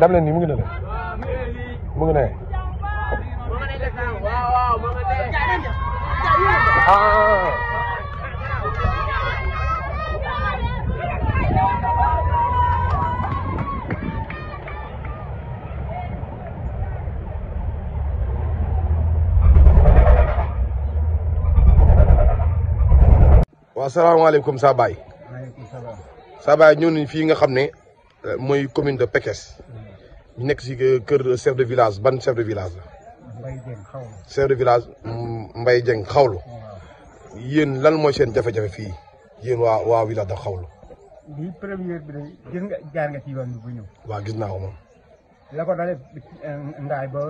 dam leen nii mu ngi ne la mu ngi ne ah waaw salaamaaleykum saa baay saa baay ñëw nañ fii nga xam ne eh, mooy commune de Pekes mm. ñu nekk si euh, kër chef de village ban chef de village la. Mbaye Dieng xawlu. chef de village mm, Mbaye Dieng xawlu. yéen lan mooy seen jafe-jafe fii yéen waa waa village da xawlo lii première bi day jaar nga ci yoon bi bu ñëw. waaw gis naa ko moom. la ko dalee euh, ngaay ba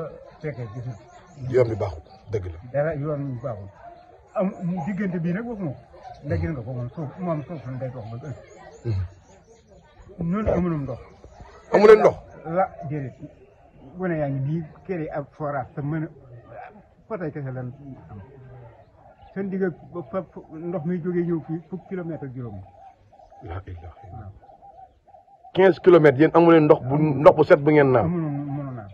fekkee gisul. yoon bi baaxul dëgg la. dara yoon bi baaxul am diggante bii nag waxuma ko. ndax gis nga ko moom mhm. ndox. amu ndox. la déedéet gone yaa ngi bii yi a potay kese lan am seen digg fa ndox mi jógee ñëw fii fukki kilomètre ak juróom quinze kilomètres yéen amu leen ndox bu ndox bu set bu ngeen naan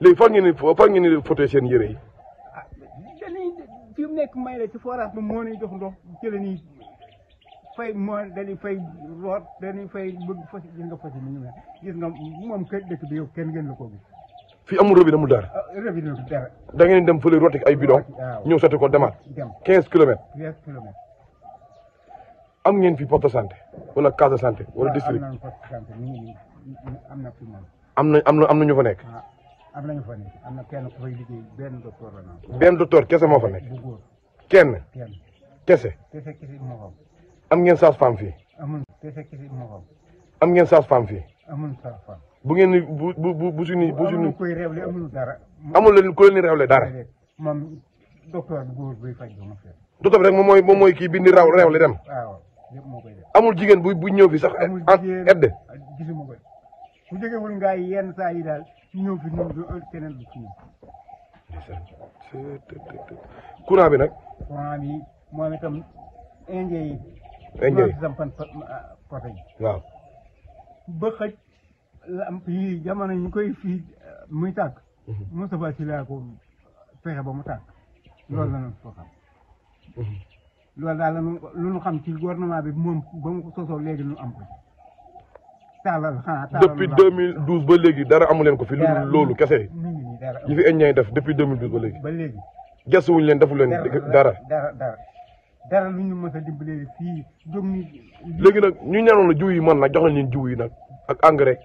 léegi fan ngeen fan ngeen di foté seen yére yi ah fi mu nekk may la ci forage bi moo ñuy jox ndox jëlee nii fay moo dañuy fay root dañuy fay bëgg fas gis nga fas yi ni ñu fii amul robinet amul dara. Ah, dara. da ngeen dem fële roote ay bidon. waaw ñëw sotti ko demaat. dem 15 kilomètres. 15 kilomètres. am ngeen fi poste santé wala case de santé. wala district am na fi am na am na am na ñu fa nekk. Ah, am nañu fa nekk am na benn docteur kese moo fa nekk. kenn. kenn kese. am ngeen sage-femme fii. amul am ngeen sage-femme fii. amul sage-femme. bu ngeen ni bu bu bu bu suñu. bu suñu koy réewle amul dara. amul leen ku leen di dara. moom docteur góor buy faj ba mu fekk. docteur bi rek moom mooy moom mooy kii bindi raw réewle dem. waaw lépp amul jigéen bu bu ñëw fi sax. amul ah, jigéen edde. Ah, gisuma ko bu jógee woon ngaa yenn saa yi daal ñëw fi ñëw fi keneen bi suñu. courant bi nag. rajo sampan poto yi waaw ba xëj lamp yi jamono ñu koy fii eh, muy tàkk mhm. Moustapha si laa ko fexe ba mu tàkk mhm. loolu la noonu soo xam mhm. loolu daal la lu ñu xam ci gouvernement bi moom ba mu ko sosoo léegi nu am ko taalal xanaa taalal depuis 2012 ba léegi dara amu leen ko fi lu loolu kese yi fi eñ ñay def depuis 2012 ba léegi ba léegi gëstuwuñu leen defu leen dara dara dara lu ñu mën a dimbalee fii léegi nag ñu ñaanoon la jiw yi man nag jox nañ leen yi nag ak engrais.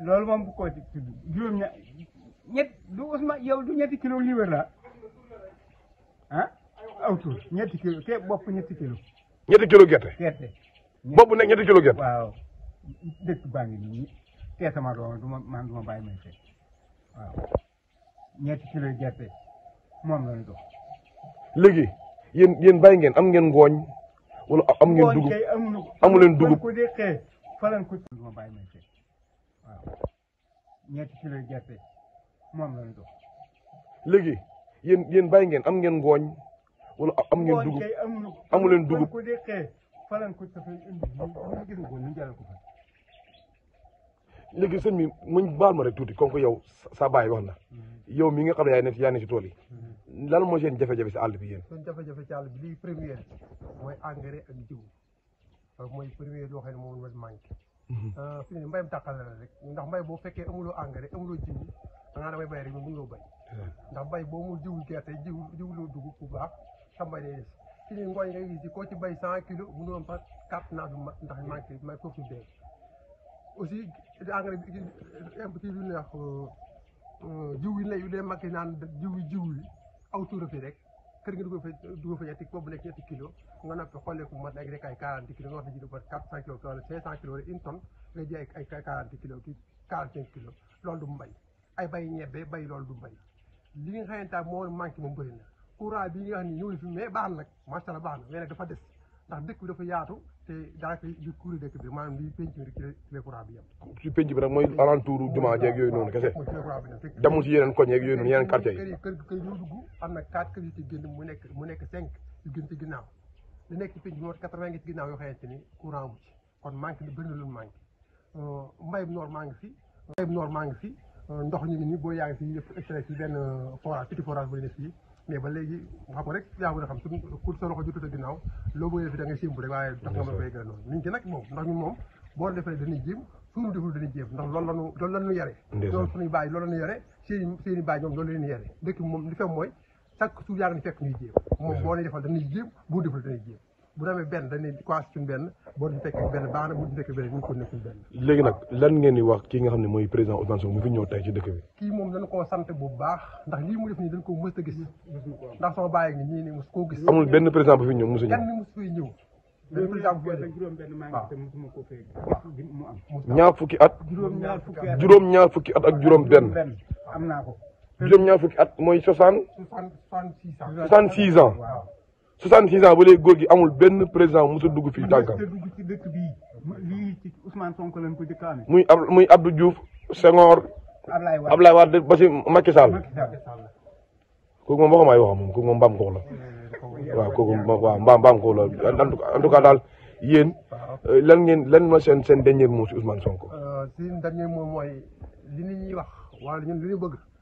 loolu moom bu ko ci tudd juróom ñett du Ousmane yow du kilo liibar la ah aw tur ñetti kilo kilo. ñetti kilo gerte. gerte bopp nekk ñetti kilo gerte. waaw dëkk baa ngi nii te sama ma ma bàyyi may fekk waaw kilo gerte moom la léegi. yéen yéen bàyyi ngeen am ngeen ngooñ wala am ngeen dugub amu leen dugub léegi yéen yéen bàyyi ngeen am ngeen ngooñ wala am ngeen dugub amu leen dugub léegi sëñ bi muñ baal ma rek tuuti comme que yow sa baay wax na mm-hmm. yow mi nga xam ne yaa ne yaa ne ci tool yi lan mooy seen jafe-jafe si àll bi yéen. seen jafe-jafe si àll bi lii mooy engrais ak jiw euh, mooy première loo xam ne moom la manqué. Mhm. Euh, fi mu ne mbayam rek ndax mbay boo fekkee amuloo engrais amuloo jiw da ngaa damay bay rek mënuloo bay. ndax mbay boo mu jiwul gerte jiw jiwuloo dugub bu baax sa mbay koo ci bay cent kilos mënuloo am sax quatre naaf ndax manqué ma foofu suñu dee. aussi engrais bi kii bi euh, yi yu dee manqué naan jiwi yi jiw aw tuurati rek kër gi dugg fa dugg fa ñetti boobu nekk ñetti kilo nga noppi xoolee ku mat rek ay quarante kilos nga wax ji du mat quatre loolu du mbay ay bay ñebe bay loolu du mbay li nga xamante ne moo manqué moom bëri na courant bi nga xam fi mais baax na nag macha allah baax na mais ndax dëkk bi dafa yaatu te daanaka li kuuri dëkk bi maanaam li penc bi ci la courant bi yem bi nag mooy alentour jumaa jeeg yooyu noonu si yeneen koñ yeeg yooyu noonu yeneen quartier yi am na quatre kër yu ci mu nekk mu nekk cinq yu gën ci ginnaaw li nekk ci penc bi moo quatre vingt ngi ci ginnaaw yoo xamante ni courant kon manque ni bëri na lu manque mbayum noor maa ngi fi mbayum noor maa ngi fi Euh, ndox ñu ngi nii boo yaa ngi si yëpp extrait si benn euh, forage petit forage bu fii mais ba léegi xam nga rek yaa mën a xam suñ pour a ginnaaw loo bëggee fi da ngay simb rek waaye tax nga mën koy gën noonu ñu ngi ci nag moom ndax ñun moom boo defee dañuy jéem suñu deful dañuy jéem ndax loolu lanu yare loolu suñuy bàyyi loolu lanu yare seen seeni moom li fekk mooy chaque jour yaa ngi fekk ñuy jéem moom boo ne defal dañuy jéem boo deful dañuy jéem bu demee benn dañuy quoi suñu benn boo ci fekkee benn baax na bu ci fekkee benn ñu ko nekkul benn. léegi nag lan ngeen di wax ki nga xam ne mooy président Ousmane Sonko mu fi ñëw tey ci dëkk bi. kii moom dañ koo sant bu baax ndax lii mu def nii dañ ko mës a gis ndax sama bàyyi ngi nii nii mos koo gis. amul benn président bu fi ñëw mos a ñëw kenn mos fay ñëw. ñaar fukki at juróom ñaar fukki at ak juróom benn am naa ko juróom ñaar fukki at mooy soixante soixante six ans 66 ans ba léegi góor gi amul benn président mu musul dugg fii tànkam. muy ab muy Abdou Diouf Senghor. Ablaye Wade ba si Macky Sall. kooku moom waxumaa yi waxam moom kooku moom mbaam xuux waaw kooku mbaam mbaam en tout cas daal yéen euh, lan ngeen lan ma seen sen dernier mot si Ousmane Sonko. Euh, si dernier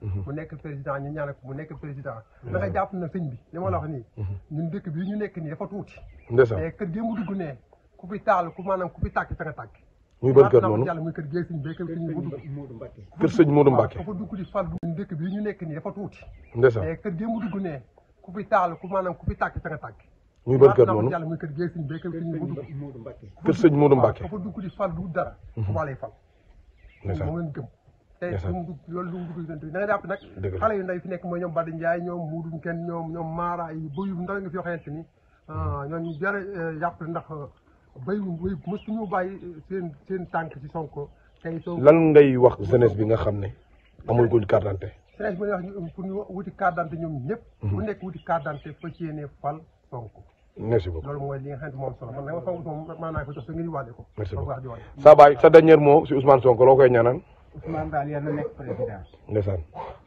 Mm-hmm. mu nekk président ñu ñaan mu nekk président mm-hmm. da na sëñ bi li ma la mm-hmm. ñun dëkk bi ñu nekk nii dafa tuuti te kër gi mu dugg ne ku fi taal ku maanaam ku fi tàkk fi nga tàkk muy ban kër noonu yàlla muy kër gi sëñ bi kër sëñ Modou Mbacké kër sëñ Modou dëkk bi ñu nekk nii dafa tuuti te kër gi mu dugg ne ku fi taal ku maanaam ku fi tàkk fi nga tàkk muy ban kër noonu yàlla muy kër gi sëñ bi kër sëñ Modou Mbacké kër sëñ Modou Mbacké dafa dugg di fal du dara ku lay fal moom lañ te dumu loolu lu mu dugg yonent bi yu ndaw nekk mooy ñoom Badi Ndiaye ñoom ñoom ñoom Mara yi bëyu ndaw nga fi yoo xamante ni mm. ah, ñooñu jëre eh, jàpp ndax eh, béyu béyu mësuñu bàyyi seen seen tànk ci Sonko tey soo lan ngay wax jeunesse bi nga xam ne amul guñ carte d'identité bi nga wax ñu pour ñu wuti mm-hmm. fa ci yéene fal Sonko xam ne moom solo man nag ma fa moom mën naa ko jox sa ngir wàlle ko merci beaucoup sa baay sa dernier mot si Ousmane Sonko loo koy ñaanal Ousmane daal yal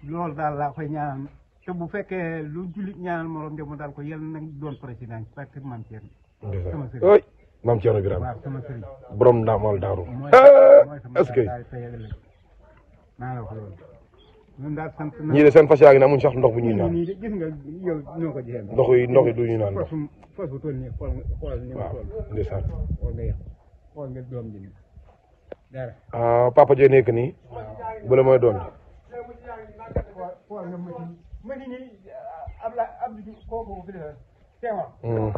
loolu daal la koy ñaanal te bu fekkee lu jullit ñaanal morom jëm daal ko yal na doon président parce que maam Thierno. ndeysaan ooy maam Thierno Birame. waaw sama sëriñ. daaru. est sant nañu ñii de seen fas yaa ngi ne amuñ sax ndox bu ñu naan. ñii ndox yi ndox yi du ñu naan ndox. waaw ndeysaan. xool ah papa jee nekk nii doon ji.